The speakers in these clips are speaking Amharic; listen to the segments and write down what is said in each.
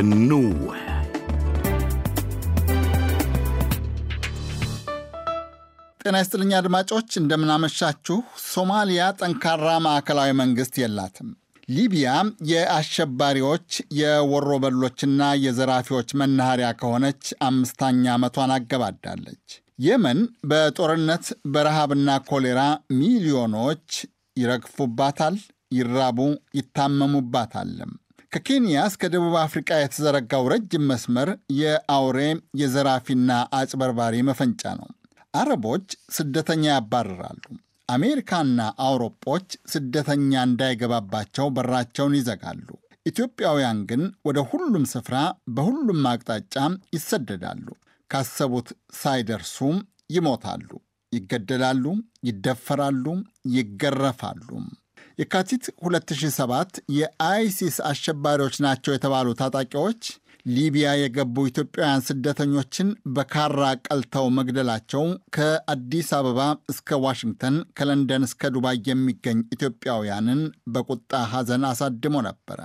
እኑ ጤና ይስጥልኝ አድማጮች፣ እንደምናመሻችሁ። ሶማሊያ ጠንካራ ማዕከላዊ መንግሥት የላትም። ሊቢያ የአሸባሪዎች የወሮበሎችና የዘራፊዎች መናኸሪያ ከሆነች አምስተኛ ዓመቷን አገባዳለች። የመን በጦርነት በረሃብና ኮሌራ ሚሊዮኖች ይረግፉባታል፣ ይራቡ ይታመሙባታልም። ከኬንያ እስከ ደቡብ አፍሪቃ የተዘረጋው ረጅም መስመር የአውሬ የዘራፊና አጭበርባሪ መፈንጫ ነው። አረቦች ስደተኛ ያባርራሉ። አሜሪካና አውሮፖች ስደተኛ እንዳይገባባቸው በራቸውን ይዘጋሉ። ኢትዮጵያውያን ግን ወደ ሁሉም ስፍራ በሁሉም አቅጣጫ ይሰደዳሉ። ካሰቡት ሳይደርሱም ይሞታሉ፣ ይገደላሉ፣ ይደፈራሉ፣ ይገረፋሉ። የካቲት 2007 የአይሲስ አሸባሪዎች ናቸው የተባሉ ታጣቂዎች ሊቢያ የገቡ ኢትዮጵያውያን ስደተኞችን በካራ ቀልተው መግደላቸው ከአዲስ አበባ እስከ ዋሽንግተን ከለንደን እስከ ዱባይ የሚገኝ ኢትዮጵያውያንን በቁጣ ሐዘን አሳድሞ ነበረ።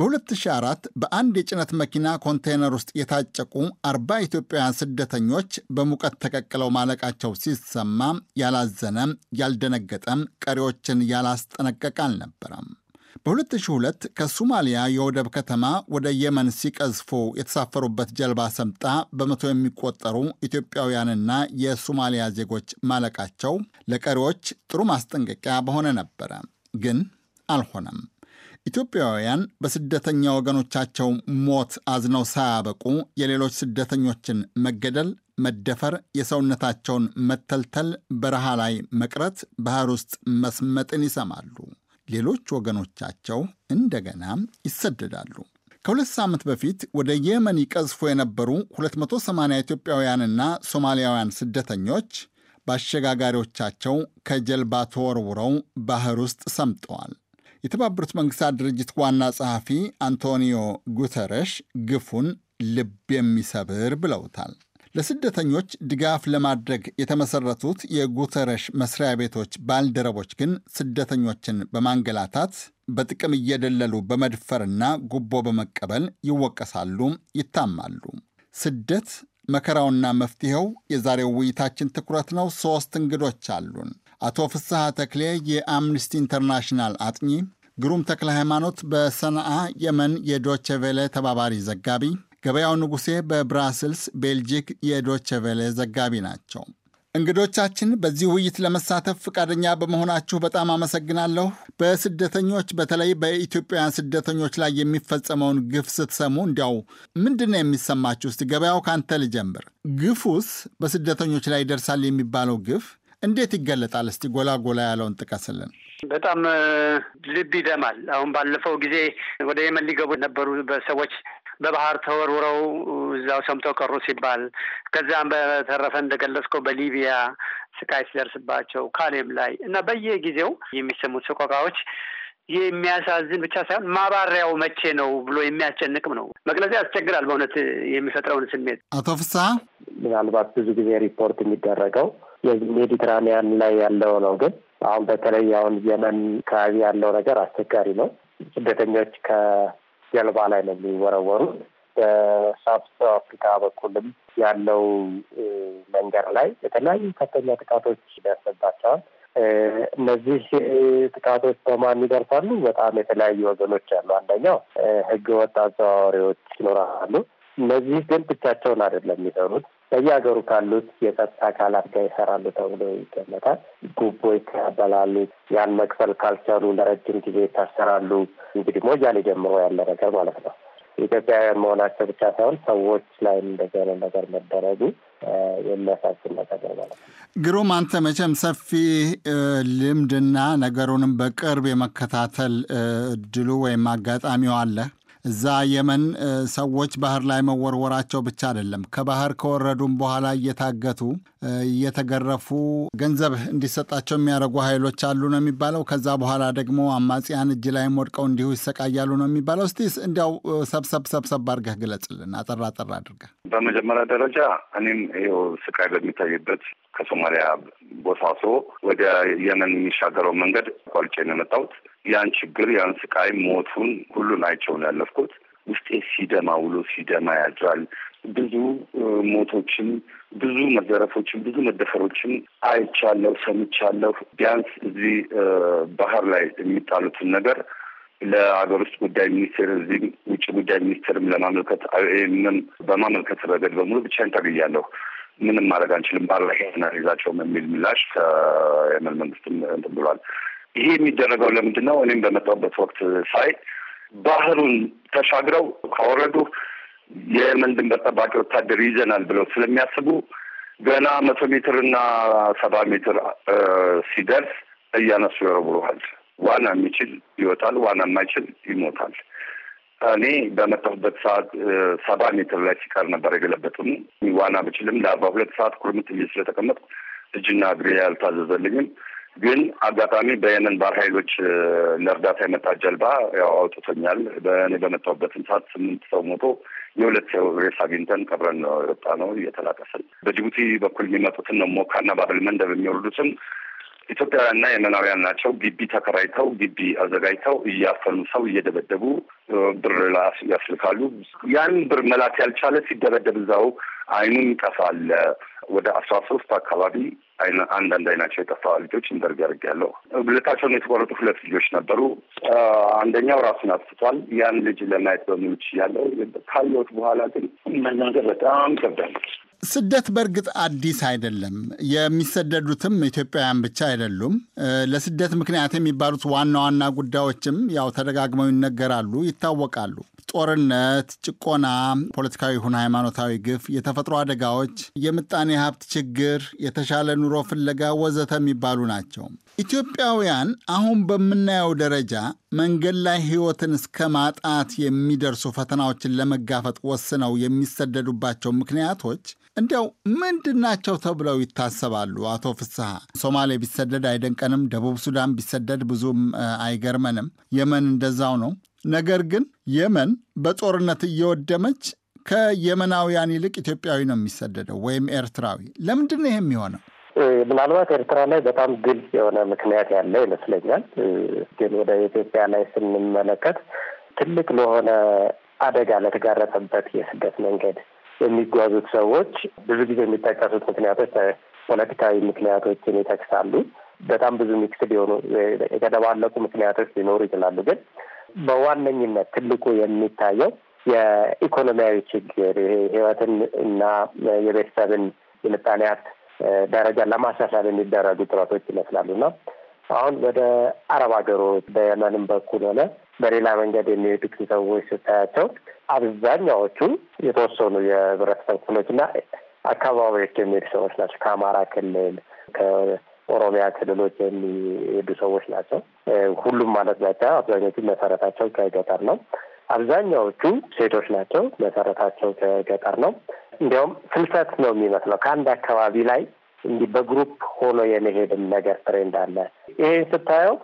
በ2004 በአንድ የጭነት መኪና ኮንቴይነር ውስጥ የታጨቁ አርባ ኢትዮጵያውያን ስደተኞች በሙቀት ተቀቅለው ማለቃቸው ሲሰማ ያላዘነ ያልደነገጠም ቀሪዎችን ያላስጠነቀቀ አልነበረም። በ2002 ከሱማሊያ የወደብ ከተማ ወደ የመን ሲቀዝፉ የተሳፈሩበት ጀልባ ሰምጣ በመቶ የሚቆጠሩ ኢትዮጵያውያንና የሶማሊያ ዜጎች ማለቃቸው ለቀሪዎች ጥሩ ማስጠንቀቂያ በሆነ ነበረ፣ ግን አልሆነም። ኢትዮጵያውያን በስደተኛ ወገኖቻቸው ሞት አዝነው ሳያበቁ የሌሎች ስደተኞችን መገደል፣ መደፈር፣ የሰውነታቸውን መተልተል፣ በረሃ ላይ መቅረት፣ ባህር ውስጥ መስመጥን ይሰማሉ። ሌሎች ወገኖቻቸው እንደገና ይሰደዳሉ። ከሁለት ሳምንት በፊት ወደ የመን ይቀዝፉ የነበሩ 280 ኢትዮጵያውያንና ሶማሊያውያን ስደተኞች በአሸጋጋሪዎቻቸው ከጀልባ ተወርውረው ባህር ውስጥ ሰምጠዋል። የተባበሩት መንግስታት ድርጅት ዋና ጸሐፊ አንቶኒዮ ጉተረሽ ግፉን ልብ የሚሰብር ብለውታል። ለስደተኞች ድጋፍ ለማድረግ የተመሰረቱት የጉተረሽ መስሪያ ቤቶች ባልደረቦች ግን ስደተኞችን በማንገላታት በጥቅም እየደለሉ በመድፈርና ጉቦ በመቀበል ይወቀሳሉ፣ ይታማሉ። ስደት መከራውና መፍትሄው የዛሬው ውይይታችን ትኩረት ነው። ሦስት እንግዶች አሉን። አቶ ፍስሐ ተክሌ የአምነስቲ ኢንተርናሽናል አጥኚ፣ ግሩም ተክለ ሃይማኖት በሰንዓ የመን የዶቸቬሌ ተባባሪ ዘጋቢ፣ ገበያው ንጉሴ በብራስልስ ቤልጂክ የዶቸቬሌ ዘጋቢ ናቸው። እንግዶቻችን በዚህ ውይይት ለመሳተፍ ፈቃደኛ በመሆናችሁ በጣም አመሰግናለሁ። በስደተኞች በተለይ በኢትዮጵያውያን ስደተኞች ላይ የሚፈጸመውን ግፍ ስትሰሙ እንዲያው ምንድን ነው የሚሰማችሁ? እስቲ ገበያው ካንተ ልጀምር። ግፉስ በስደተኞች ላይ ይደርሳል የሚባለው ግፍ እንዴት ይገለጣል? እስቲ ጎላ ጎላ ያለውን ጥቀስልን። በጣም ልብ ይደማል። አሁን ባለፈው ጊዜ ወደ የመን ሊገቡ የነበሩ በሰዎች በባህር ተወርውረው እዛው ሰምተው ቀሩ ሲባል ከዚያም በተረፈ እንደገለጽከው በሊቢያ ስቃይ ሲደርስባቸው ካሌም ላይ እና በየጊዜው የሚሰሙት ሰቆቃዎች የሚያሳዝን ብቻ ሳይሆን ማባሪያው መቼ ነው ብሎ የሚያስጨንቅም ነው። መግለጽ ያስቸግራል በእውነት የሚፈጥረውን ስሜት። አቶ ፍስሐ ምናልባት ብዙ ጊዜ ሪፖርት የሚደረገው ሜዲትራኒያን ላይ ያለው ነው። ግን አሁን በተለይ አሁን የመን አካባቢ ያለው ነገር አስቸጋሪ ነው። ስደተኞች ከጀልባ ላይ ነው የሚወረወሩት። በሳውዝ አፍሪካ በኩልም ያለው መንገድ ላይ የተለያዩ ከፍተኛ ጥቃቶች ይደርስባቸዋል። እነዚህ ጥቃቶች በማን ይደርሳሉ? በጣም የተለያዩ ወገኖች አሉ። አንደኛው ህገ ወጥ አዘዋዋሪዎች ይኖራሉ። እነዚህ ግን ብቻቸውን አይደለም የሚሰሩት በየሀገሩ ካሉት የጸጥታ አካላት ጋር ይሰራሉ ተብሎ ይገመታል። ጉቦ ይቀበላሉ። ያን መክፈል ካልቻሉ ለረጅም ጊዜ ይታሰራሉ። እንግዲህ ሞያሌ ጀምሮ ያለ ነገር ማለት ነው። ኢትዮጵያውያን መሆናቸው ብቻ ሳይሆን ሰዎች ላይ እንደዚህ አይነት ነገር መደረጉ የሚያሳስብ ነገር ነው ማለት ነው። ግሩም፣ አንተ መቼም ሰፊ ልምድና ነገሩንም በቅርብ የመከታተል እድሉ ወይም አጋጣሚው አለ። እዛ የመን ሰዎች ባህር ላይ መወርወራቸው ብቻ አይደለም፣ ከባህር ከወረዱም በኋላ እየታገቱ እየተገረፉ ገንዘብ እንዲሰጣቸው የሚያደርጉ ኃይሎች አሉ ነው የሚባለው። ከዛ በኋላ ደግሞ አማጽያን እጅ ላይም ወድቀው እንዲሁ ይሰቃያሉ ነው የሚባለው። እስቲ እንዲያው ሰብሰብ ሰብሰብ አድርገህ ግለጽልን፣ አጠራ አጠራ አድርገህ። በመጀመሪያ ደረጃ እኔም ይኸው ስቃይ በሚታይበት ከሶማሊያ ቦሳሶ ወደ የመን የሚሻገረው መንገድ ቋርጬ ነው የመጣሁት። ያን ችግር ያን ስቃይ ሞቱን ሁሉን አይቸውን ያለፍኩት ውስጤ ሲደማ ውሎ ሲደማ ያድራል። ብዙ ሞቶችን፣ ብዙ መዘረፎችን፣ ብዙ መደፈሮችን አይቻለሁ፣ ሰምቻለሁ። ቢያንስ እዚህ ባህር ላይ የሚጣሉትን ነገር ለሀገር ውስጥ ጉዳይ ሚኒስቴር እዚህም ውጭ ጉዳይ ሚኒስቴርም ለማመልከት ይህንም በማመልከት ረገድ በሙሉ ብቻዬን ታገያለሁ። ምንም ማድረግ አንችልም፣ ባህር ላይ ይዛቸውም የሚል ምላሽ ከየመን መንግስትም እንትን ብሏል። ይሄ የሚደረገው ለምንድን ነው? እኔም በመጣሁበት ወቅት ሳይ ባህሩን ተሻግረው ከወረዱ የመን ድንበር ጠባቂ ወታደር ይዘናል ብለው ስለሚያስቡ ገና መቶ ሜትር እና ሰባ ሜትር ሲደርስ እያነሱ ይወረውረዋል። ዋና የሚችል ይወጣል፣ ዋና የማይችል ይሞታል። እኔ በመጣሁበት ሰዓት ሰባ ሜትር ላይ ሲቀር ነበር የገለበጡም። ዋና ብችልም ለአርባ ሁለት ሰዓት ኩርምት ብዬ ስለተቀመጥኩ እጅና እግሬ አልታዘዘልኝም። ግን አጋጣሚ በየመን ባር ኃይሎች ለእርዳታ የመጣ ጀልባ ያው አውጥቶኛል። በእኔ በመጣሁበትን ሰዓት ስምንት ሰው ሞቶ የሁለት ሰው ሬስ አግኝተን ቀብረን ነው የወጣ ነው እየተላቀስን። በጅቡቲ በኩል የሚመጡትን ነው ሞካና ባብል መንደብ የሚወርዱትም ኢትዮጵያውያንና የመናውያን ናቸው። ግቢ ተከራይተው ግቢ አዘጋጅተው እያፈኑ ሰው እየደበደቡ ብር ያስልካሉ። ያን ብር መላክ ያልቻለ ሲደበደብ እዛው አይኑን ይጠፋል። ወደ አስራ ሶስት አካባቢ አንዳንድ አይናቸው የጠፋ ልጆች እንደርግ እንደርገርግ ያለው ብልታቸውን የተቆረጡ ሁለት ልጆች ነበሩ። አንደኛው ራሱን አጥፍቷል። ያን ልጅ ለማየት በሙሉ ያለው ካየሁት በኋላ ግን መናገር በጣም ከብዳለች። ስደት በእርግጥ አዲስ አይደለም። የሚሰደዱትም ኢትዮጵያውያን ብቻ አይደሉም። ለስደት ምክንያት የሚባሉት ዋና ዋና ጉዳዮችም ያው ተደጋግመው ይነገራሉ፣ ይታወቃሉ። ጦርነት፣ ጭቆና፣ ፖለቲካዊ ይሁን ሃይማኖታዊ ግፍ፣ የተፈጥሮ አደጋዎች፣ የምጣኔ ሀብት ችግር፣ የተሻለ ኑሮ ፍለጋ ወዘተ የሚባሉ ናቸው። ኢትዮጵያውያን አሁን በምናየው ደረጃ መንገድ ላይ ሕይወትን እስከ ማጣት የሚደርሱ ፈተናዎችን ለመጋፈጥ ወስነው የሚሰደዱባቸው ምክንያቶች እንዲያው ምንድን ናቸው ተብለው ይታሰባሉ? አቶ ፍስሐ፣ ሶማሌ ቢሰደድ አይደንቀንም፣ ደቡብ ሱዳን ቢሰደድ ብዙም አይገርመንም፣ የመን እንደዛው ነው። ነገር ግን የመን በጦርነት እየወደመች ከየመናውያን ይልቅ ኢትዮጵያዊ ነው የሚሰደደው ወይም ኤርትራዊ። ለምንድን ነው ይሄ የሚሆነው? ምናልባት ኤርትራ ላይ በጣም ግልጽ የሆነ ምክንያት ያለ ይመስለኛል። ግን ወደ ኢትዮጵያ ላይ ስንመለከት ትልቅ ለሆነ አደጋ ለተጋረጠበት የስደት መንገድ የሚጓዙት ሰዎች ብዙ ጊዜ የሚጠቀሱት ምክንያቶች ፖለቲካዊ ምክንያቶችን ይጠቅሳሉ። በጣም ብዙ ሚክስድ የሆኑ የተደባለቁ ምክንያቶች ሊኖሩ ይችላሉ። ግን በዋነኝነት ትልቁ የሚታየው የኢኮኖሚያዊ ችግር፣ ህይወትን እና የቤተሰብን የምጣኔ ሀብት ደረጃ ለማሻሻል የሚደረጉ ጥረቶች ይመስላሉና አሁን ወደ አረብ ሀገሮች በየመንም በኩል ሆነ በሌላ መንገድ የሚሄዱት ሰዎች ስታያቸው አብዛኛዎቹ የተወሰኑ የህብረተሰብ ክፍሎችና አካባቢዎች የሚሄዱ ሰዎች ናቸው። ከአማራ ክልል ከኦሮሚያ ክልሎች የሚሄዱ ሰዎች ናቸው። ሁሉም ማለት ናቸው። አብዛኞቹ መሰረታቸው ከገጠር ነው። አብዛኛዎቹ ሴቶች ናቸው። መሰረታቸው ከገጠር ነው። እንዲያውም ፍልሰት ነው የሚመስለው ከአንድ አካባቢ ላይ እንዲህ በግሩፕ ሆኖ የመሄድን ነገር ትሬንድ አለ። ይሄን ስታየው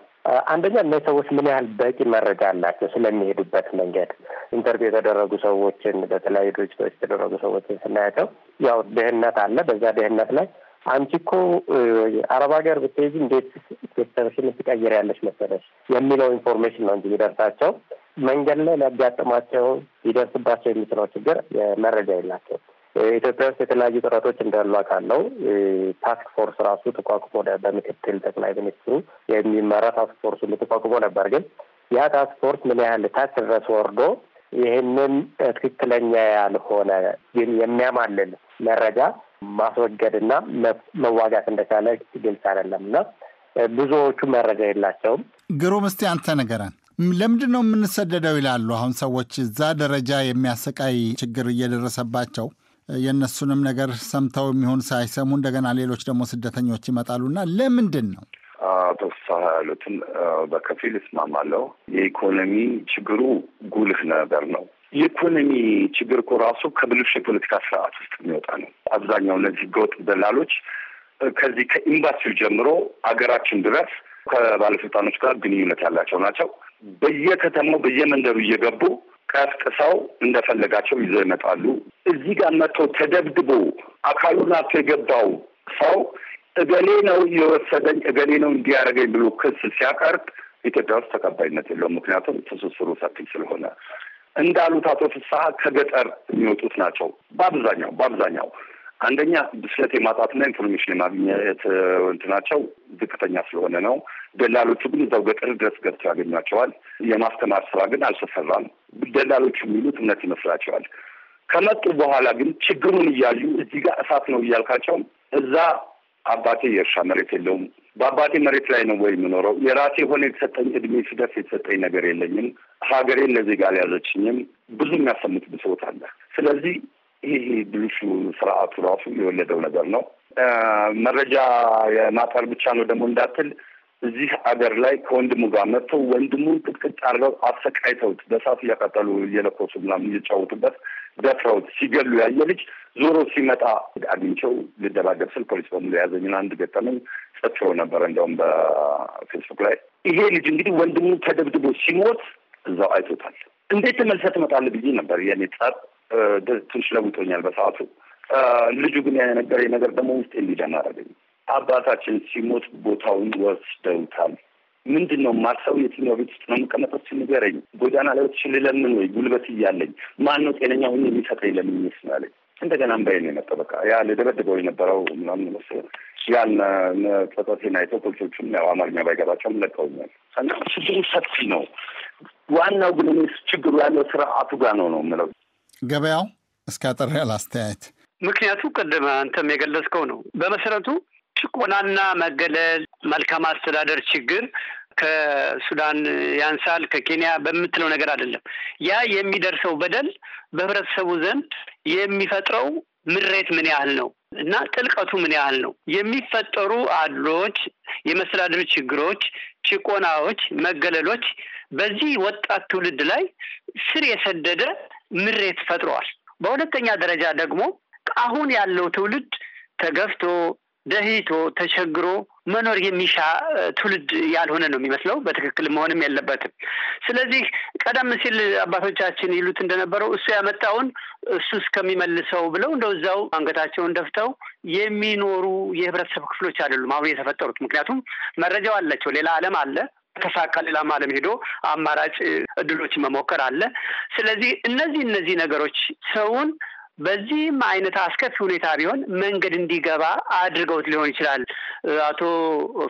አንደኛ እነዚህ ሰዎች ምን ያህል በቂ መረጃ አላቸው ስለሚሄዱበት መንገድ። ኢንተርቪው የተደረጉ ሰዎችን በተለያዩ ድርጅቶች የተደረጉ ሰዎችን ስናያቸው ያው ድህነት አለ። በዛ ድህነት ላይ አንቺ እኮ አረብ ሀገር ብትሄጂ እንዴት ቤተሰብሽን ያለች መሰለሽ የሚለው ኢንፎርሜሽን ነው እንጂ የሚደርሳቸው መንገድ ላይ ሊያጋጥማቸው ሊደርስባቸው የሚችለው ችግር መረጃ የላቸው። ኢትዮጵያ ውስጥ የተለያዩ ጥረቶች እንዳሉ አውቃለሁ። ታስክ ፎርስ ራሱ ተቋቁሞ በምክትል ጠቅላይ ሚኒስትሩ የሚመራ ታስክ ፎርስ ሁሉ ተቋቁሞ ነበር። ግን ያ ታስክ ፎርስ ምን ያህል ታች ድረስ ወርዶ ይህንን ትክክለኛ ያልሆነ ግን የሚያማልል መረጃ ማስወገድና መዋጋት እንደቻለ ግልጽ አይደለም እና ብዙዎቹ መረጃ የላቸውም። ግሩም፣ እስቲ አንተ ነገረን ለምንድን ነው የምንሰደደው ይላሉ አሁን ሰዎች እዛ ደረጃ የሚያሰቃይ ችግር እየደረሰባቸው የእነሱንም ነገር ሰምተው የሚሆን ሳይሰሙ እንደገና ሌሎች ደግሞ ስደተኞች ይመጣሉና ለምንድን ነው? አቶ ፍስሐ ያሉትን በከፊል እስማማለሁ። የኢኮኖሚ ችግሩ ጉልህ ነገር ነው። የኢኮኖሚ ችግር እኮ ራሱ ከብልሹ የፖለቲካ ስርዓት ውስጥ የሚወጣ ነው። አብዛኛው እነዚህ ህገወጥ ደላሎች ከዚህ ከኢምባሲው ጀምሮ አገራችን ድረስ ከባለስልጣኖች ጋር ግንኙነት ያላቸው ናቸው። በየከተማው በየመንደሩ እየገቡ ቀስቅሰው እንደፈለጋቸው ይዘው ይመጣሉ። እዚህ ጋር መጥቶ ተደብድቦ አካሉን አቶ የገባው ሰው እገሌ ነው የወሰደኝ እገሌ ነው እንዲያደርገኝ ብሎ ክስ ሲያቀርብ ኢትዮጵያ ውስጥ ተቀባይነት የለውም። ምክንያቱም ትስስሩ ሰፊ ስለሆነ እንዳሉት አቶ ፍስሐ ከገጠር የሚወጡት ናቸው በአብዛኛው በአብዛኛው አንደኛ ብስለት የማጣትና ኢንፎርሜሽን የማግኘት እንትናቸው ዝቅተኛ ስለሆነ ነው። ደላሎቹ ግን እዛው ገጠር ድረስ ገብቶ ያገኟቸዋል። የማስተማር ስራ ግን አልተሰራም። ደላሎቹ የሚሉት እምነት ይመስላቸዋል። ከመጡ በኋላ ግን ችግሩን እያዩ እዚህ ጋር እሳት ነው እያልካቸው እዛ አባቴ የእርሻ መሬት የለውም፣ በአባቴ መሬት ላይ ነው ወይ የምኖረው? የራሴ የሆነ የተሰጠኝ እድሜ ሲደርስ የተሰጠኝ ነገር የለኝም፣ ሀገሬን ለዜጋ አልያዘችኝም። ብዙ የሚያሰሙት ብሶት አለ። ስለዚህ ይህ ብልሹ ስርዓቱ ራሱ የወለደው ነገር ነው። መረጃ የማጠር ብቻ ነው ደግሞ እንዳትል እዚህ አገር ላይ ከወንድሙ ጋር መጥተው ወንድሙን ቅጥቅጭ አድርገው አሰቃይተውት በሳት እያቀጠሉ እየለኮሱ ምናምን እየጫወቱበት ደፍረውት ሲገሉ ያየ ልጅ ዞሮ ሲመጣ አግኝቸው ልደባደብ ስል ፖሊስ በሙሉ የያዘኝን አንድ ገጠመኝ ጸጥ ብሎ ነበረ። እንዲያውም በፌስቡክ ላይ ይሄ ልጅ እንግዲህ ወንድሙ ተደብድቦ ሲሞት እዛው አይቶታል። እንዴት ተመልሰህ ትመጣለህ ብዬ ነበር። የኔ ጸብ ትንሽ ለውጦኛል በሰዓቱ። ልጁ ግን የነገረኝ ነገር ደግሞ ውስጤ እንዲደናረገኝ አባታችን ሲሞት ቦታውን ወስደውታል። ምንድን ነው ማሰው? የትኛው ቤት ውስጥ ነው የምቀመጠው? ንገረኝ። ጎዳና ላይ ወጥቼ ልለምን ወይ? ጉልበት እያለኝ ማን ነው ጤነኛ ሁኜ የሚሰጠኝ? ለምን ይመስላለኝ? እንደገና አንባይ ነው የመጣው። በቃ ያ ልደበድበው የነበረው ምናምን መሰለኝ ያን ጸጸቴን አይተው ፖሊሶቹም ያው አማርኛ ባይገባቸውም ለቀውኛል። እና ችግሩ ሰፊ ነው። ዋናው ግን ችግሩ ያለው ስርዓቱ ጋር ነው ነው የምለው። ገበያው እስኪ አጠር አስተያየት ምክንያቱ ቅድም አንተም የገለጽከው ነው በመሰረቱ ጭቆናና መገለል፣ መልካም አስተዳደር ችግር ከሱዳን ያንሳል ከኬንያ በምትለው ነገር አይደለም። ያ የሚደርሰው በደል በህብረተሰቡ ዘንድ የሚፈጥረው ምሬት ምን ያህል ነው እና ጥልቀቱ ምን ያህል ነው? የሚፈጠሩ አድሎች፣ የመስተዳድር ችግሮች፣ ጭቆናዎች፣ መገለሎች በዚህ ወጣት ትውልድ ላይ ስር የሰደደ ምሬት ፈጥረዋል። በሁለተኛ ደረጃ ደግሞ አሁን ያለው ትውልድ ተገፍቶ ደህይቶ ተቸግሮ መኖር የሚሻ ትውልድ ያልሆነ ነው የሚመስለው። በትክክል መሆንም የለበትም። ስለዚህ ቀደም ሲል አባቶቻችን ይሉት እንደነበረው እሱ ያመጣውን እሱ እስከሚመልሰው ብለው እንደው እዛው አንገታቸውን ደፍተው የሚኖሩ የህብረተሰብ ክፍሎች አይደሉም አሁን የተፈጠሩት። ምክንያቱም መረጃው አላቸው። ሌላ ዓለም አለ ተሳካ ሌላም ዓለም ሄዶ አማራጭ እድሎች መሞከር አለ። ስለዚህ እነዚህ እነዚህ ነገሮች ሰውን በዚህም አይነት አስከፊ ሁኔታ ቢሆን መንገድ እንዲገባ አድርገውት ሊሆን ይችላል። አቶ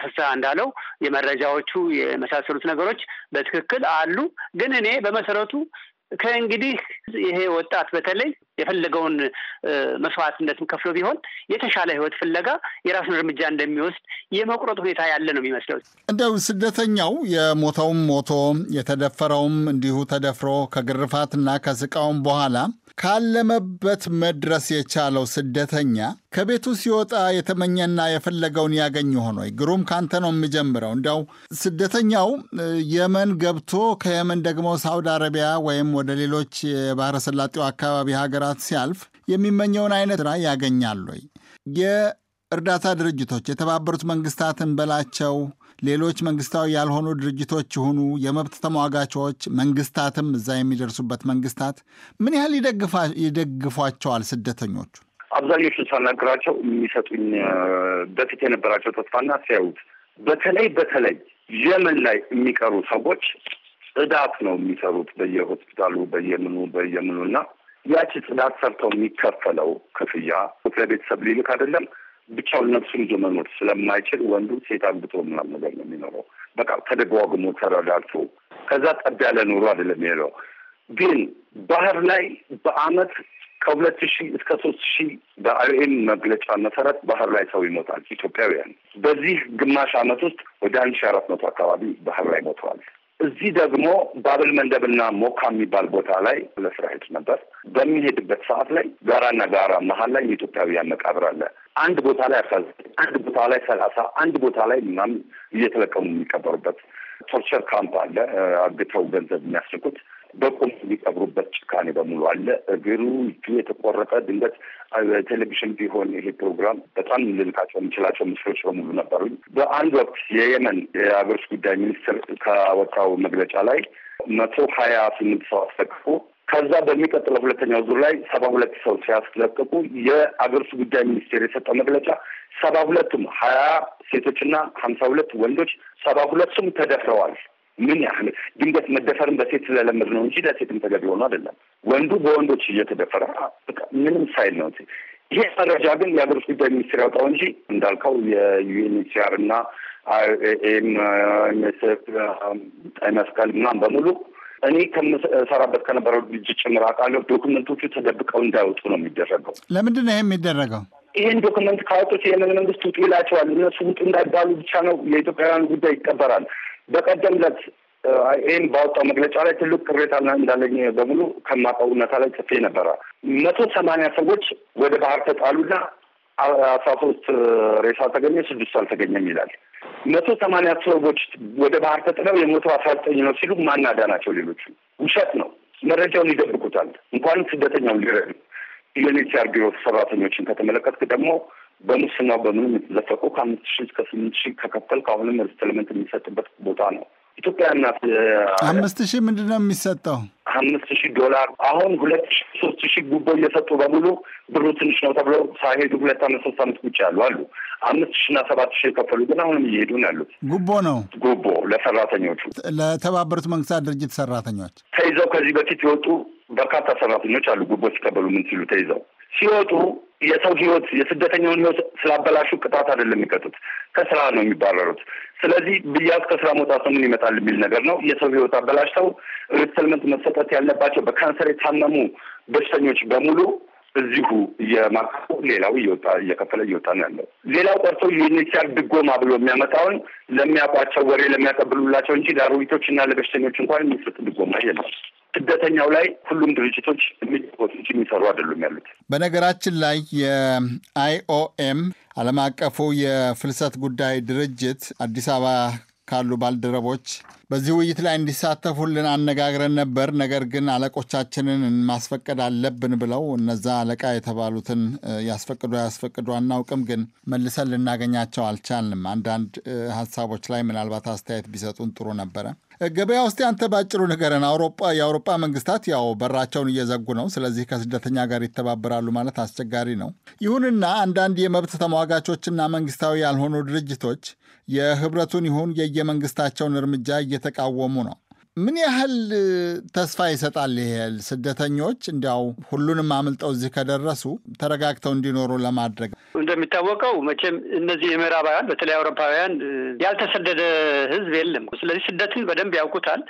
ፍስሐ እንዳለው የመረጃዎቹ የመሳሰሉት ነገሮች በትክክል አሉ። ግን እኔ በመሰረቱ ከእንግዲህ ይሄ ወጣት በተለይ የፈለገውን መስዋዕትነትም ከፍሎ ቢሆን የተሻለ ሕይወት ፍለጋ የራሱን እርምጃ እንደሚወስድ የመቁረጥ ሁኔታ ያለ ነው የሚመስለው። እንደው ስደተኛው የሞተውም ሞቶ የተደፈረውም እንዲሁ ተደፍሮ ከግርፋትና ከስቃውም በኋላ ካለመበት መድረስ የቻለው ስደተኛ ከቤቱ ሲወጣ የተመኘና የፈለገውን ያገኝ ሆኖ ግሩም ካንተ ነው የሚጀምረው እንዲያው ስደተኛው የመን ገብቶ ከየመን ደግሞ ሳውዲ አረቢያ ወይም ወደ ሌሎች የባህረ ሰላጤው አካባቢ ሀገራት ሲያልፍ የሚመኘውን አይነት ራ ወይ። የእርዳታ ድርጅቶች የተባበሩት መንግስታትን በላቸው ሌሎች መንግስታዊ ያልሆኑ ድርጅቶች ይሁኑ የመብት ተሟጋቾች መንግስታትም እዛ የሚደርሱበት መንግስታት ምን ያህል ይደግፏቸዋል ስደተኞቹ? አብዛኞቹን ሳናግራቸው የሚሰጡኝ በፊት የነበራቸው ተስፋና ሲያዩት በተለይ በተለይ የመን ላይ የሚቀሩ ሰዎች ጽዳት ነው የሚሰሩት በየሆስፒታሉ በየምኑ በየምኑ እና ያቺ ጽዳት ሰርተው የሚከፈለው ክፍያ ለቤተሰብ ሊልክ አይደለም ብቻውን ነፍሱን ይዞ መኖር ስለማይችል ወንዱ ሴት አግብቶ ምናምን ነገር ነው የሚኖረው። በቃ ተደጓጉሞ ተረዳድቶ ከዛ ጠብ ያለ ኑሮ አይደለም የሚሄደው። ግን ባህር ላይ በአመት ከሁለት ሺህ እስከ ሶስት ሺህ በአይኦኤም መግለጫ መሰረት ባህር ላይ ሰው ይሞታል። ኢትዮጵያውያን በዚህ ግማሽ አመት ውስጥ ወደ አንድ ሺህ አራት መቶ አካባቢ ባህር ላይ ሞተዋል። እዚህ ደግሞ ባብል መንደብና ሞካ የሚባል ቦታ ላይ ለስራ ሄድ ነበር። በሚሄድበት ሰዓት ላይ ጋራና ጋራ መሀል ላይ የኢትዮጵያውያን መቃብር አለ። አንድ ቦታ ላይ አስራ ዘጠኝ አንድ ቦታ ላይ ሰላሳ አንድ ቦታ ላይ ምናምን እየተለቀሙ የሚቀበሩበት ቶርቸር ካምፕ አለ። አግተው ገንዘብ የሚያስልኩት በቁም የሚቀብሩበት ጭካኔ በሙሉ አለ። እግሩ እጁ የተቆረጠ ድንገት ቴሌቪዥን ቢሆን ይሄ ፕሮግራም በጣም ልልካቸው የምችላቸው ምስሎች በሙሉ ነበሩኝ። በአንድ ወቅት የየመን የሀገር ውስጥ ጉዳይ ሚኒስትር ከወጣው መግለጫ ላይ መቶ ሀያ ስምንት ሰው አስለቅፎ ከዛ በሚቀጥለው ሁለተኛው ዙር ላይ ሰባ ሁለት ሰው ሲያስለቅቁ የአገር ውስጥ ጉዳይ ሚኒስቴር የሰጠው መግለጫ ሰባ ሁለቱም ሀያ ሴቶችና ሀምሳ ሁለት ወንዶች ሰባ ሁለቱም ተደፍረዋል። ምን ያህል ድንገት መደፈርን በሴት ስለለመድ ነው እንጂ ለሴትም ተገቢ ሆኖ አይደለም። ወንዱ በወንዶች እየተደፈረ ምንም ሳይል ነው። ይሄ መረጃ ግን የአገር ውስጥ ጉዳይ ሚኒስቴር ያውጣው እንጂ እንዳልከው የዩኤንኤችሲአር እና አይኤም ጤና መስቀል ምናምን በሙሉ እኔ ከምሰራበት ከነበረው ድርጅት ጭምር አውቃለሁ። ዶክመንቶቹ ተደብቀው እንዳይወጡ ነው የሚደረገው። ለምንድን ነው ይሄ የሚደረገው? ይህን ዶክመንት ካወጡት የምን መንግስት ውጡ ይላቸዋል። እነሱ ውጡ እንዳይባሉ ብቻ ነው የኢትዮጵያውያን ጉዳይ ይቀበራል። በቀደም ዕለት ይህን ባወጣው መግለጫ ላይ ትልቅ ቅሬታ እንዳለኝ በሙሉ ከማውቀው እውነታ ላይ ጽፌ ነበረ። መቶ ሰማንያ ሰዎች ወደ ባህር ተጣሉና አስራ ሶስት ሬሳ ተገኘ፣ ስድስቱ አልተገኘም ይላል። መቶ ሰማንያ ሰዎች ወደ ባህር ተጥለው የሞተው አስራ ዘጠኝ ነው ሲሉ ማናዳ ናቸው። ሌሎቹ ውሸት ነው። መረጃውን ይደብቁታል። እንኳንም ስደተኛውን ሊረዱ ዩኤንኤችሲአር ቢሮ ሰራተኞችን ከተመለከትክ ደግሞ በሙስናው በምንም የተዘፈቁ ከአምስት ሺህ እስከ ስምንት ሺህ ከከፈልክ ከአሁንም ሪስታትልመንት የሚሰጥበት ቦታ ነው። ኢትዮጵያ ናት። አምስት ሺህ ምንድን ነው የሚሰጠው? አምስት ሺህ ዶላር አሁን ሁለት ሶስት ሺህ ጉቦ እየሰጡ በሙሉ ብሩ ትንሽ ነው ተብሎ ሳይሄዱ ሁለት አመት ሶስት አመት ውጭ ያሉ አሉ። አምስት ሺህ እና ሰባት ሺህ የከፈሉ ግን አሁንም እየሄዱ ነው ያሉት። ጉቦ ነው ጉቦ ለሰራተኞቹ፣ ለተባበሩት መንግስታት ድርጅት ሰራተኞች ተይዘው ከዚህ በፊት የወጡ በርካታ ሰራተኞች አሉ። ጉቦ ሲቀበሉ ምን ሲሉ ተይዘው ሲወጡ የሰው ህይወት የስደተኛውን ህይወት ስላበላሹ ቅጣት አይደለም የሚቀጡት፣ ከስራ ነው የሚባረሩት። ስለዚህ ብያዝ ከስራ መውጣት ምን ይመጣል የሚል ነገር ነው። የሰው ህይወት አበላሽተው ሪትልመንት መሰጠት ያለባቸው በካንሰር የታመሙ በሽተኞች በሙሉ እዚሁ የማካፉ ሌላው እየወጣ እየከፈለ እየወጣ ነው ያለው። ሌላው ቀርቶ ዩኤንኤችሲአር ድጎማ ብሎ የሚያመጣውን ለሚያውቋቸው ወሬ ለሚያቀብሉላቸው እንጂ ለአሮጊቶች እና ለበሽተኞች እንኳን የሚሰጥ ድጎማ የለም። ስደተኛው ላይ ሁሉም ድርጅቶች የሚጫወቱት የሚሰሩ አይደሉም ያሉት። በነገራችን ላይ የአይኦኤም ዓለም አቀፉ የፍልሰት ጉዳይ ድርጅት አዲስ አበባ ካሉ ባልደረቦች በዚህ ውይይት ላይ እንዲሳተፉልን አነጋግረን ነበር። ነገር ግን አለቆቻችንን ማስፈቀድ አለብን ብለው እነዛ አለቃ የተባሉትን ያስፈቅዱ ያስፈቅዱ አናውቅም፣ ግን መልሰን ልናገኛቸው አልቻልንም። አንዳንድ ሀሳቦች ላይ ምናልባት አስተያየት ቢሰጡን ጥሩ ነበረ። ገበያ ውስጥ አንተ ባጭሩ ንገረን። የአውሮፓ መንግስታት ያው በራቸውን እየዘጉ ነው። ስለዚህ ከስደተኛ ጋር ይተባበራሉ ማለት አስቸጋሪ ነው። ይሁንና አንዳንድ የመብት ተሟጋቾችና መንግስታዊ ያልሆኑ ድርጅቶች የህብረቱን ይሁን የየመንግስታቸውን እርምጃ እየተቃወሙ ነው። ምን ያህል ተስፋ ይሰጣል? ይሄ ስደተኞች እንዲያው ሁሉንም አምልጠው እዚህ ከደረሱ ተረጋግተው እንዲኖሩ ለማድረግ እንደሚታወቀው መቼም እነዚህ የምዕራባውያን በተለይ አውሮፓውያን ያልተሰደደ ህዝብ የለም። ስለዚህ ስደትን በደንብ ያውቁታል።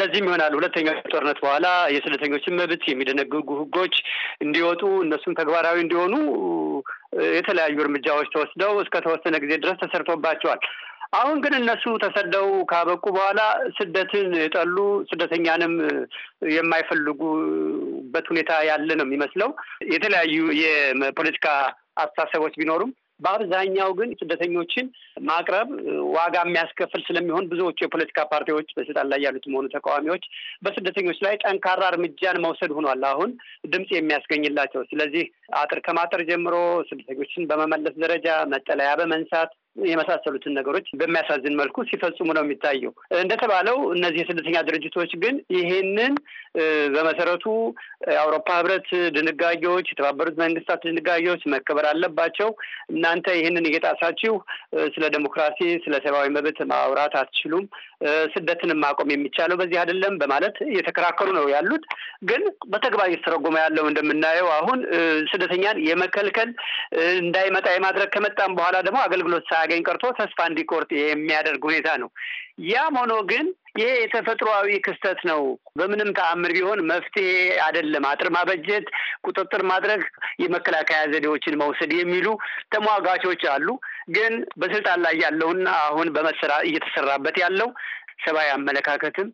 ለዚህም ይሆናል ሁለተኛው ጦርነት በኋላ የስደተኞችን መብት የሚደነግጉ ህጎች እንዲወጡ እነሱም ተግባራዊ እንዲሆኑ የተለያዩ እርምጃዎች ተወስደው እስከ ተወሰነ ጊዜ ድረስ ተሰርቶባቸዋል። አሁን ግን እነሱ ተሰደው ካበቁ በኋላ ስደትን የጠሉ ስደተኛንም የማይፈልጉበት ሁኔታ ያለ ነው የሚመስለው። የተለያዩ የፖለቲካ አስተሳሰቦች ቢኖሩም በአብዛኛው ግን ስደተኞችን ማቅረብ ዋጋ የሚያስከፍል ስለሚሆን ብዙዎቹ የፖለቲካ ፓርቲዎች በስልጣን ላይ ያሉት መሆኑ ተቃዋሚዎች በስደተኞች ላይ ጠንካራ እርምጃን መውሰድ ሆኗል አሁን ድምፅ የሚያስገኝላቸው። ስለዚህ አጥር ከማጠር ጀምሮ ስደተኞችን በመመለስ ደረጃ መጠለያ በመንሳት የመሳሰሉትን ነገሮች በሚያሳዝን መልኩ ሲፈጽሙ ነው የሚታየው። እንደተባለው እነዚህ የስደተኛ ድርጅቶች ግን ይሄንን በመሰረቱ የአውሮፓ ህብረት ድንጋጌዎች፣ የተባበሩት መንግስታት ድንጋጌዎች መከበር አለባቸው። እናንተ ይህንን እየጣሳችሁ ስለ ዴሞክራሲ፣ ስለ ሰብአዊ መብት ማውራት አትችሉም፣ ስደትን ማቆም የሚቻለው በዚህ አይደለም በማለት እየተከራከሩ ነው ያሉት። ግን በተግባር እየተተረጎመ ያለው እንደምናየው አሁን ስደተኛን የመከልከል እንዳይመጣ የማድረግ ከመጣም በኋላ ደግሞ አገልግሎት ሳያገኝ ቀርቶ ተስፋ እንዲቆርጥ የሚያደርግ ሁኔታ ነው። ያም ሆኖ ግን ይሄ የተፈጥሮዊ ክስተት ነው። በምንም ተአምር ቢሆን መፍትሄ አይደለም። አጥር ማበጀት፣ ቁጥጥር ማድረግ፣ የመከላከያ ዘዴዎችን መውሰድ የሚሉ ተሟጋቾች አሉ። ግን በስልጣን ላይ ያለውና አሁን በመሰራ እየተሰራበት ያለው ሰብአዊ አመለካከትም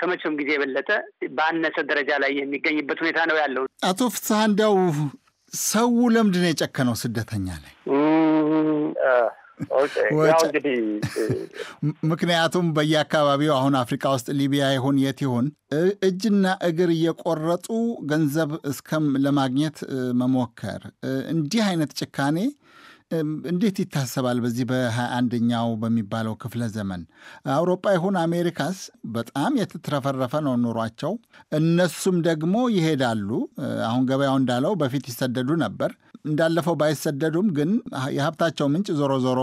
ከመቼም ጊዜ የበለጠ በአነሰ ደረጃ ላይ የሚገኝበት ሁኔታ ነው ያለው። አቶ ፍስሐ እንዲያው ሰው ለምንድን ነው የጨከነው ስደተኛ ላይ እንግዲህ ምክንያቱም በየአካባቢው አሁን አፍሪካ ውስጥ ሊቢያ ይሁን የት ይሁን እጅና እግር እየቆረጡ ገንዘብ እስከም ለማግኘት መሞከር እንዲህ አይነት ጭካኔ እንዴት ይታሰባል? በዚህ በሃያ አንደኛው በሚባለው ክፍለ ዘመን አውሮፓ ይሁን አሜሪካስ በጣም የተትረፈረፈ ነው ኑሯቸው። እነሱም ደግሞ ይሄዳሉ። አሁን ገበያው እንዳለው በፊት ይሰደዱ ነበር። እንዳለፈው ባይሰደዱም ግን የሀብታቸው ምንጭ ዞሮ ዞሮ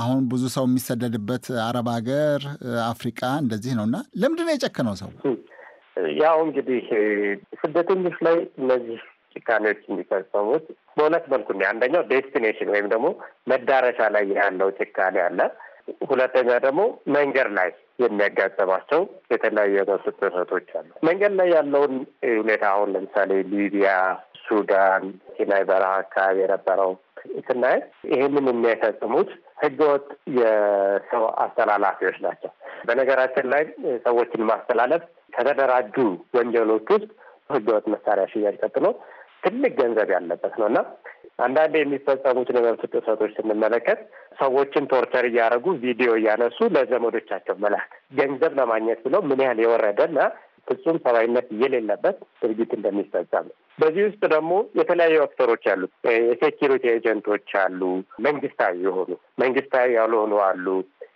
አሁን ብዙ ሰው የሚሰደድበት አረብ ሀገር፣ አፍሪቃ እንደዚህ ነውና ለምንድን ነው የጨከነው ሰው? ያው እንግዲህ ስደተኞች ላይ እነዚህ ጭካኔዎች እንዲፈጸሙት በሁለት መልኩ ነው። አንደኛው ዴስቲኔሽን ወይም ደግሞ መዳረሻ ላይ ያለው ጭካኔ አለ። ሁለተኛ ደግሞ መንገድ ላይ የሚያጋጠማቸው የተለያዩ የመብት ጥሰቶች አሉ። መንገድ ላይ ያለውን ሁኔታ አሁን ለምሳሌ ሊቢያ፣ ሱዳን፣ ሲናይ በረሃ አካባቢ የነበረው ስናይ ይህንን የሚያፈጽሙት ህገወጥ የሰው አስተላላፊዎች ናቸው። በነገራችን ላይ ሰዎችን ማስተላለፍ ከተደራጁ ወንጀሎች ውስጥ ህገወጥ መሳሪያ ሽያጭ ቀጥሎ ትልቅ ገንዘብ ያለበት ነው እና አንዳንድ የሚፈጸሙትን የመብት ጥሰቶች ስንመለከት ሰዎችን ቶርቸር እያደረጉ ቪዲዮ እያነሱ ለዘመዶቻቸው መላክ ገንዘብ ለማግኘት ብለው ምን ያህል እና ፍጹም ሰብአዊነት የሌለበት ድርጊት እንደሚፈጸም ነው። በዚህ ውስጥ ደግሞ የተለያዩ አክተሮች አሉት። የሴኪሪቲ ኤጀንቶች አሉ፣ መንግስታዊ የሆኑ መንግስታዊ ያልሆኑ አሉ፣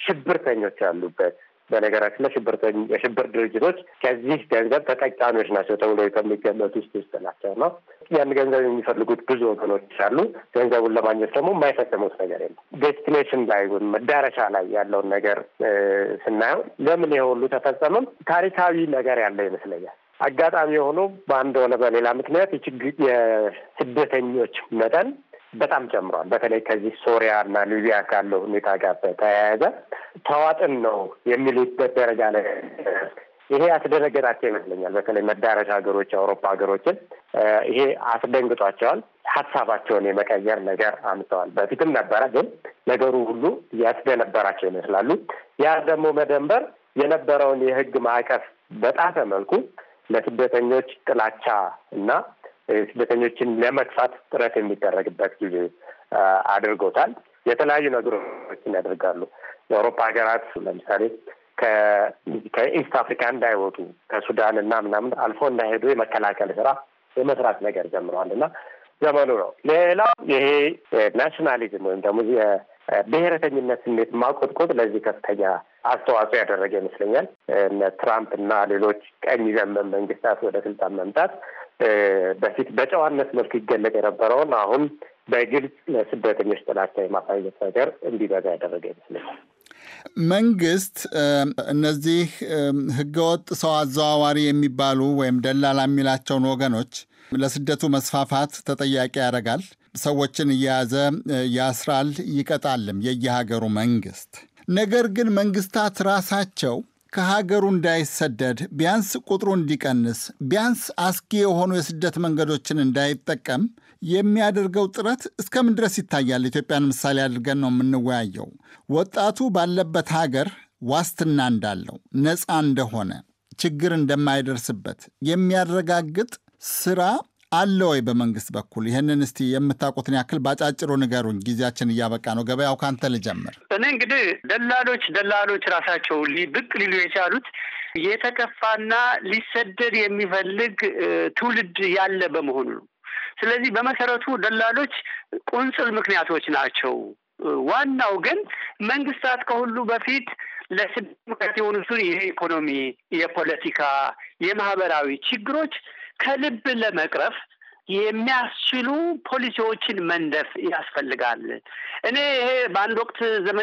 ሽብርተኞች አሉበት በነገራችን ላይ የሽብር ድርጅቶች ከዚህ ገንዘብ ተጠቃሚዎች ናቸው ተብሎ ከሚገመቱ ውስጥ ውስጥ ናቸው ነው። ያን ገንዘብ የሚፈልጉት ብዙ ወገኖች አሉ። ገንዘቡን ለማግኘት ደግሞ የማይፈጽሙት ነገር የለም። ዴስቲኔሽን ላይ ወይም መዳረሻ ላይ ያለውን ነገር ስናየው ለምን ይሄ ሁሉ ተፈጸመም ታሪካዊ ነገር ያለው ይመስለኛል። አጋጣሚ የሆነው በአንድ ሆነ በሌላ ምክንያት የችግ የስደተኞች መጠን በጣም ጨምሯል። በተለይ ከዚህ ሶሪያ እና ሊቢያ ካለው ሁኔታ ጋር በተያያዘ ተዋጥን ነው የሚሉበት ደረጃ ላይ ይሄ ያስደነገጣቸው ይመስለኛል። በተለይ መዳረሻ ሀገሮች የአውሮፓ ሀገሮችን ይሄ አስደንግጧቸዋል። ሀሳባቸውን የመቀየር ነገር አምተዋል። በፊትም ነበረ፣ ግን ነገሩ ሁሉ ያስደነበራቸው ይመስላሉ። ያ ደግሞ መደንበር የነበረውን የህግ ማዕቀፍ በጣሰ መልኩ ለስደተኞች ጥላቻ እና ስደተኞችን ለመግፋት ጥረት የሚደረግበት ጊዜ አድርጎታል። የተለያዩ ነገሮችን ያደርጋሉ። የአውሮፓ ሀገራት ለምሳሌ ከኢስት አፍሪካ እንዳይወጡ ከሱዳን እና ምናምን አልፎ እንዳይሄዱ የመከላከል ስራ የመስራት ነገር ጀምረዋል እና ዘመኑ ነው። ሌላው ይሄ ናሽናሊዝም ወይም ደግሞ የብሔረተኝነት ስሜት ማቆጥቆጥ ለዚህ ከፍተኛ አስተዋጽኦ ያደረገ ይመስለኛል። እነ ትራምፕ እና ሌሎች ቀኝ ዘመን መንግስታት ወደ ስልጣን መምጣት በፊት በጨዋነት መልክ ይገለጥ የነበረውን አሁን በግልጽ ለስደተኞች ጥላቻ የማሳየት ነገር እንዲበዛ ያደረገ ይመስለኛል። መንግስት እነዚህ ህገወጥ ሰው አዘዋዋሪ የሚባሉ ወይም ደላላ የሚላቸውን ወገኖች ለስደቱ መስፋፋት ተጠያቂ ያደርጋል። ሰዎችን እየያዘ ያስራል፣ ይቀጣልም የየሀገሩ መንግስት። ነገር ግን መንግስታት ራሳቸው ከሀገሩ እንዳይሰደድ ቢያንስ ቁጥሩ እንዲቀንስ ቢያንስ አስጊ የሆኑ የስደት መንገዶችን እንዳይጠቀም የሚያደርገው ጥረት እስከምን ድረስ ይታያል? ኢትዮጵያን ምሳሌ አድርገን ነው የምንወያየው። ወጣቱ ባለበት ሀገር ዋስትና እንዳለው፣ ነፃ እንደሆነ፣ ችግር እንደማይደርስበት የሚያረጋግጥ ስራ አለ ወይ በመንግስት በኩል? ይህንን እስቲ የምታውቁትን ያክል በአጫጭሩ ንገሩኝ። ጊዜያችን እያበቃ ነው። ገበያው ካንተ ልጀምር። እኔ እንግዲህ ደላሎች ደላሎች ራሳቸው ብቅ ሊሉ የቻሉት የተከፋና ሊሰደድ የሚፈልግ ትውልድ ያለ በመሆኑ ነው። ስለዚህ በመሰረቱ ደላሎች ቁንጽል ምክንያቶች ናቸው። ዋናው ግን መንግስታት ከሁሉ በፊት ለስድ ምክንያት የሆኑትን የኢኮኖሚ፣ የፖለቲካ፣ የማህበራዊ ችግሮች ከልብ ለመቅረፍ የሚያስችሉ ፖሊሲዎችን መንደፍ ያስፈልጋል። እኔ ይሄ በአንድ ወቅት ዘመ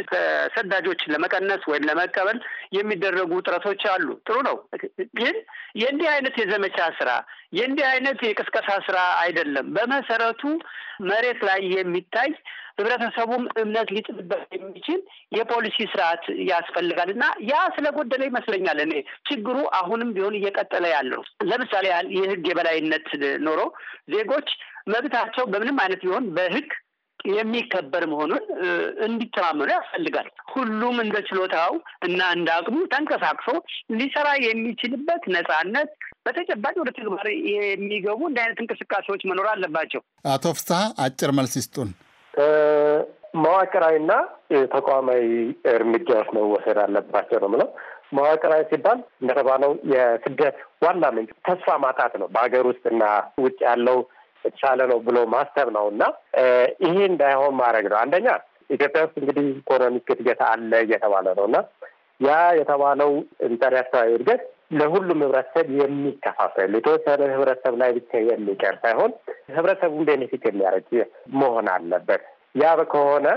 ሰዳጆችን ለመቀነስ ወይም ለመቀበል የሚደረጉ ጥረቶች አሉ። ጥሩ ነው። ግን የእንዲህ አይነት የዘመቻ ስራ የእንዲህ አይነት የቅስቀሳ ስራ አይደለም። በመሰረቱ መሬት ላይ የሚታይ ህብረተሰቡም እምነት ሊጥልበት የሚችል የፖሊሲ ስርዓት ያስፈልጋል እና ያ ስለጎደለ ይመስለኛል እኔ ችግሩ አሁንም ቢሆን እየቀጠለ ያለው። ለምሳሌ ያህል የህግ የበላይነት ኖሮ ዜጎች መብታቸው በምንም አይነት ቢሆን በህግ የሚከበር መሆኑን እንዲተማመኑ ያስፈልጋል። ሁሉም እንደ ችሎታው እና እንደ አቅሙ ተንቀሳቅሶ ሊሰራ የሚችልበት ነጻነት በተጨባጭ ወደ ተግባር የሚገቡ እንደ አይነት እንቅስቃሴዎች መኖር አለባቸው። አቶ ፍስሀ አጭር መልስ ይስጡን። መዋቅራዊና ተቋማዊ እርምጃዎች መወሰድ አለባቸው ነው ምለው። መዋቅራዊ ሲባል እንደተባለው የስደት ዋና ምንጭ ተስፋ ማጣት ነው። በሀገር ውስጥና ውጭ ያለው የተሻለ ነው ብሎ ማሰብ ነው እና ይሄ እንዳይሆን ማድረግ ነው። አንደኛ ኢትዮጵያ ውስጥ እንግዲህ ኢኮኖሚክ እድገት አለ እየተባለ ነው እና ያ የተባለው ኢንተርያክታዊ እድገት ለሁሉም ህብረተሰብ የሚከፋፈል የተወሰነ ህብረተሰብ ላይ ብቻ የሚቀር ሳይሆን ህብረተሰቡን ቤኔፊት የሚያደርግ መሆን አለበት። ያ ከሆነ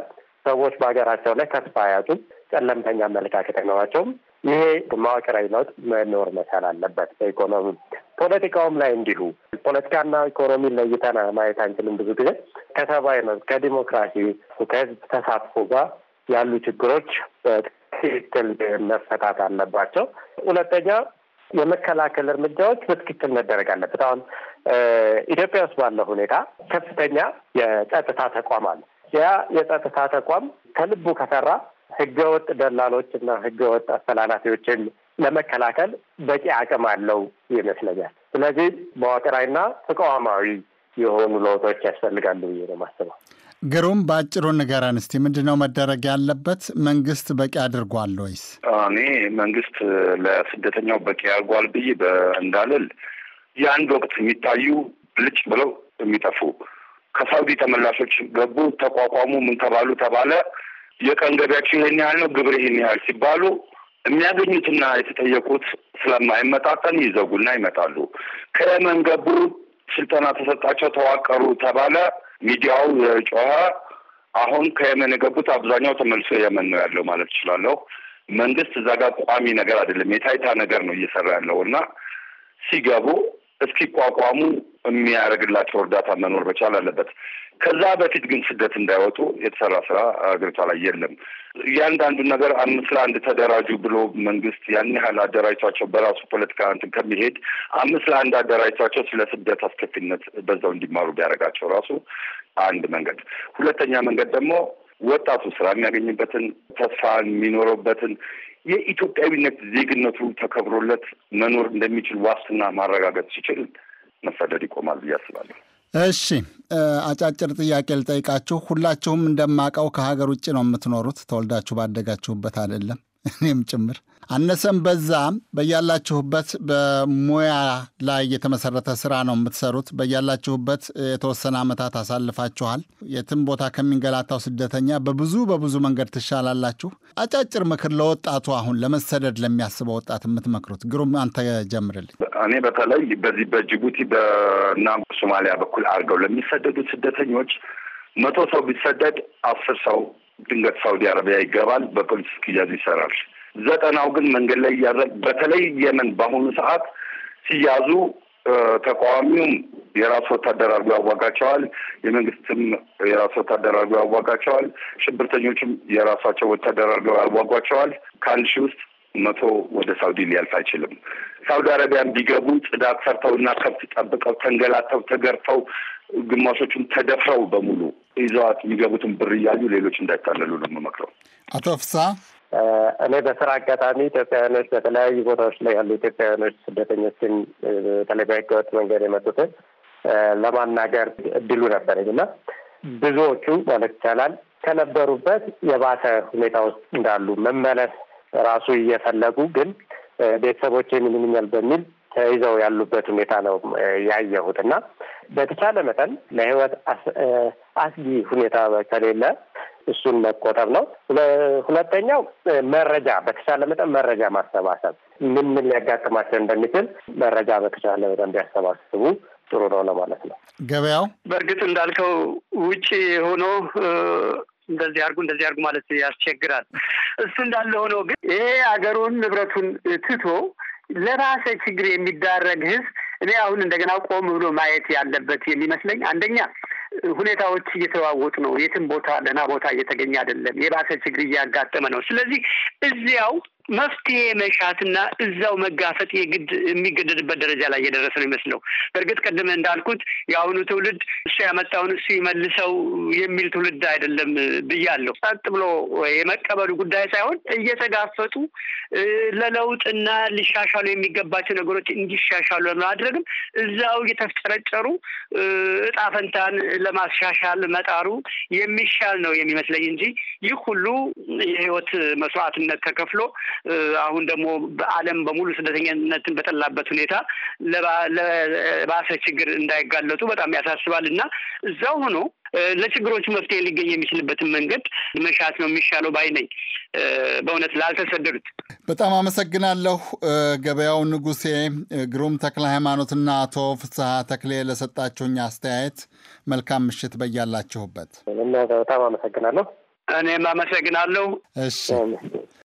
ሰዎች በሀገራቸው ላይ ተስፋ አያጡም፣ ጨለምተኛ አመለካከት አይኖራቸውም። ይሄ መዋቅራዊ ለውጥ መኖር መቻል አለበት። በኢኮኖሚ ፖለቲካውም ላይ እንዲሁ ፖለቲካና ኢኮኖሚ ለይተን ማየት አንችልም። ብዙ ጊዜ ከሰብአዊ መብት፣ ከዲሞክራሲ፣ ከህዝብ ተሳትፎ ጋር ያሉ ችግሮች በትክክል መፈታት አለባቸው። ሁለተኛ የመከላከል እርምጃዎች በትክክል መደረግ አለበት። አሁን ኢትዮጵያ ውስጥ ባለው ሁኔታ ከፍተኛ የጸጥታ ተቋም አለ። ያ የጸጥታ ተቋም ከልቡ ከሰራ ህገወጥ ደላሎች እና ህገወጥ አስተላላፊዎችን ለመከላከል በቂ አቅም አለው ይመስለኛል። ስለዚህ መዋቅራዊና ተቋማዊ የሆኑ ለውጦች ያስፈልጋሉ ብዬ ነው የማስበው። ግሩም፣ በአጭሩ ንገረን እስቲ ምንድን ነው መደረግ ያለበት? መንግስት በቂ አድርጓል ወይስ? እኔ መንግስት ለስደተኛው በቂ አድርጓል ብዬ እንዳልል የአንድ ወቅት የሚታዩ ልጭ ብለው የሚጠፉ ከሳውዲ ተመላሾች ገቡ፣ ተቋቋሙ፣ ምን ተባሉ ተባለ። የቀን ገቢያችን ይህን ያህል ነው፣ ግብር ይህን ያህል ሲባሉ የሚያገኙትና የተጠየቁት ስለማይመጣጠን ይዘጉና ይመጣሉ። ከየመን ገቡ፣ ስልጠና ተሰጣቸው፣ ተዋቀሩ ተባለ ሚዲያው ጨዋ አሁን ከየመን የገቡት አብዛኛው ተመልሶ የመን ነው ያለው ማለት እችላለሁ። መንግስት እዛ ጋር ቋሚ ነገር አይደለም፣ የታይታ ነገር ነው እየሰራ ያለው እና ሲገቡ እስኪቋቋሙ የሚያደርግላቸው እርዳታ መኖር መቻል አለበት። ከዛ በፊት ግን ስደት እንዳይወጡ የተሰራ ስራ አገሪቷ ላይ የለም። እያንዳንዱ ነገር አምስት ለአንድ ተደራጁ ብሎ መንግስት ያን ያህል አደራጅቷቸው በራሱ ፖለቲካ እንትን ከሚሄድ አምስት ለአንድ አደራጅቷቸው ስለ ስደት አስከፊነት በዛው እንዲማሩ ቢያደርጋቸው ራሱ አንድ መንገድ። ሁለተኛ መንገድ ደግሞ ወጣቱ ስራ የሚያገኝበትን ተስፋ የሚኖረበትን የኢትዮጵያዊነት ዜግነቱ ተከብሮለት መኖር እንደሚችል ዋስትና ማረጋገጥ ሲችል መሰደድ ይቆማል ብዬ አስባለሁ። እሺ አጫጭር ጥያቄ ልጠይቃችሁ። ሁላችሁም እንደማቀው ከሀገር ውጭ ነው የምትኖሩት፣ ተወልዳችሁ ባደጋችሁበት አይደለም? እኔም ጭምር አነሰም በዛም በያላችሁበት በሙያ ላይ የተመሰረተ ስራ ነው የምትሰሩት። በያላችሁበት የተወሰነ ዓመታት አሳልፋችኋል። የትም ቦታ ከሚንገላታው ስደተኛ በብዙ በብዙ መንገድ ትሻላላችሁ። አጫጭር ምክር ለወጣቱ አሁን ለመሰደድ ለሚያስበው ወጣት የምትመክሩት? ግሩም አንተ ጀምርልኝ። እኔ በተለይ በዚህ በጅቡቲ እና ሶማሊያ በኩል አድርገው ለሚሰደዱት ስደተኞች መቶ ሰው ቢሰደድ አስር ሰው ድንገት ሳውዲ አረቢያ ይገባል፣ በፖሊስ ኪያዝ ይሰራል። ዘጠናው ግን መንገድ ላይ እያዘ በተለይ የመን በአሁኑ ሰዓት ሲያዙ ተቃዋሚውም የራሱ ወታደር አድርጎ ያዋጋቸዋል። የመንግስትም የራሱ ወታደር አድርጎ ያዋጋቸዋል። ሽብርተኞችም የራሳቸው ወታደር አድርገው ያዋጓቸዋል። ከአንድ ሺህ ውስጥ መቶ ወደ ሳውዲ ሊያልፍ አይችልም። ሳውዲ አረቢያን ቢገቡ ጽዳት ሰርተውና ከብት ጠብቀው ተንገላተው ተገርተው ግማሾቹም ተደፍረው በሙሉ ይዘዋት የሚገቡትን ብር እያዩ ሌሎች እንዳይታለሉ ነው የምመክረው። አቶ ፍሳ እኔ በስራ አጋጣሚ ኢትዮጵያውያኖች በተለያዩ ቦታዎች ላይ ያሉ ኢትዮጵያውያኖች ስደተኞችን በተለይ በህገወጥ መንገድ የመጡትን ለማናገር እድሉ ነበረኝ እና ብዙዎቹ ማለት ይቻላል ከነበሩበት የባሰ ሁኔታ ውስጥ እንዳሉ መመለስ ራሱ እየፈለጉ ግን ቤተሰቦች የሚንምኛል በሚል ተይዘው ያሉበት ሁኔታ ነው ያየሁት እና በተቻለ መጠን ለህይወት አስጊ ሁኔታ ከሌለ እሱን መቆጠብ ነው። ሁለተኛው መረጃ በተቻለ መጠን መረጃ ማሰባሰብ ምን ምን ሊያጋጥማቸው እንደሚችል መረጃ በተቻለ መጠን ቢያሰባስቡ ጥሩ ነው ለማለት ነው። ገበያው በእርግጥ እንዳልከው ውጭ ሆኖ እንደዚህ አርጉ እንደዚህ አርጉ ማለት ያስቸግራል። እሱ እንዳለ ሆኖ ግን ይሄ አገሩን ንብረቱን ትቶ ለራሰ ችግር የሚዳረግ ህዝብ እኔ አሁን እንደገና ቆም ብሎ ማየት ያለበት የሚመስለኝ አንደኛ ሁኔታዎች እየተዋወጡ ነው። የትም ቦታ ደህና ቦታ እየተገኘ አይደለም። የባሰ ችግር እያጋጠመ ነው። ስለዚህ እዚያው መፍትሄ መሻትና እዛው መጋፈጥ የግድ የሚገደድበት ደረጃ ላይ እየደረሰ ነው ይመስለው። በእርግጥ ቀደም እንዳልኩት የአሁኑ ትውልድ እሱ ያመጣውን እሱ ይመልሰው የሚል ትውልድ አይደለም ብያለሁ። ጸጥ ብሎ የመቀበሉ ጉዳይ ሳይሆን እየተጋፈጡ ለለውጥና ሊሻሻሉ የሚገባቸው ነገሮች እንዲሻሻሉ ለማድረግ ቢደረግም እዛው እየተፍጨረጨሩ እጣ ፈንታን ለማሻሻል መጣሩ የሚሻል ነው የሚመስለኝ እንጂ ይህ ሁሉ የህይወት መስዋዕትነት ተከፍሎ አሁን ደግሞ በአለም በሙሉ ስደተኛነትን በጠላበት ሁኔታ ለባሰ ችግር እንዳይጋለጡ በጣም ያሳስባል እና እዛው ሆኖ ለችግሮች መፍትሄ ሊገኝ የሚችልበትን መንገድ መሻት ነው የሚሻለው ባይ ነኝ። በእውነት ላልተሰደዱት በጣም አመሰግናለሁ። ገበያው ንጉሴ፣ ግሩም ተክለ ሃይማኖትና አቶ ፍስሐ ተክሌ ለሰጣችሁኝ አስተያየት መልካም ምሽት በያላችሁበት። በጣም አመሰግናለሁ። እኔም አመሰግናለሁ። እሺ።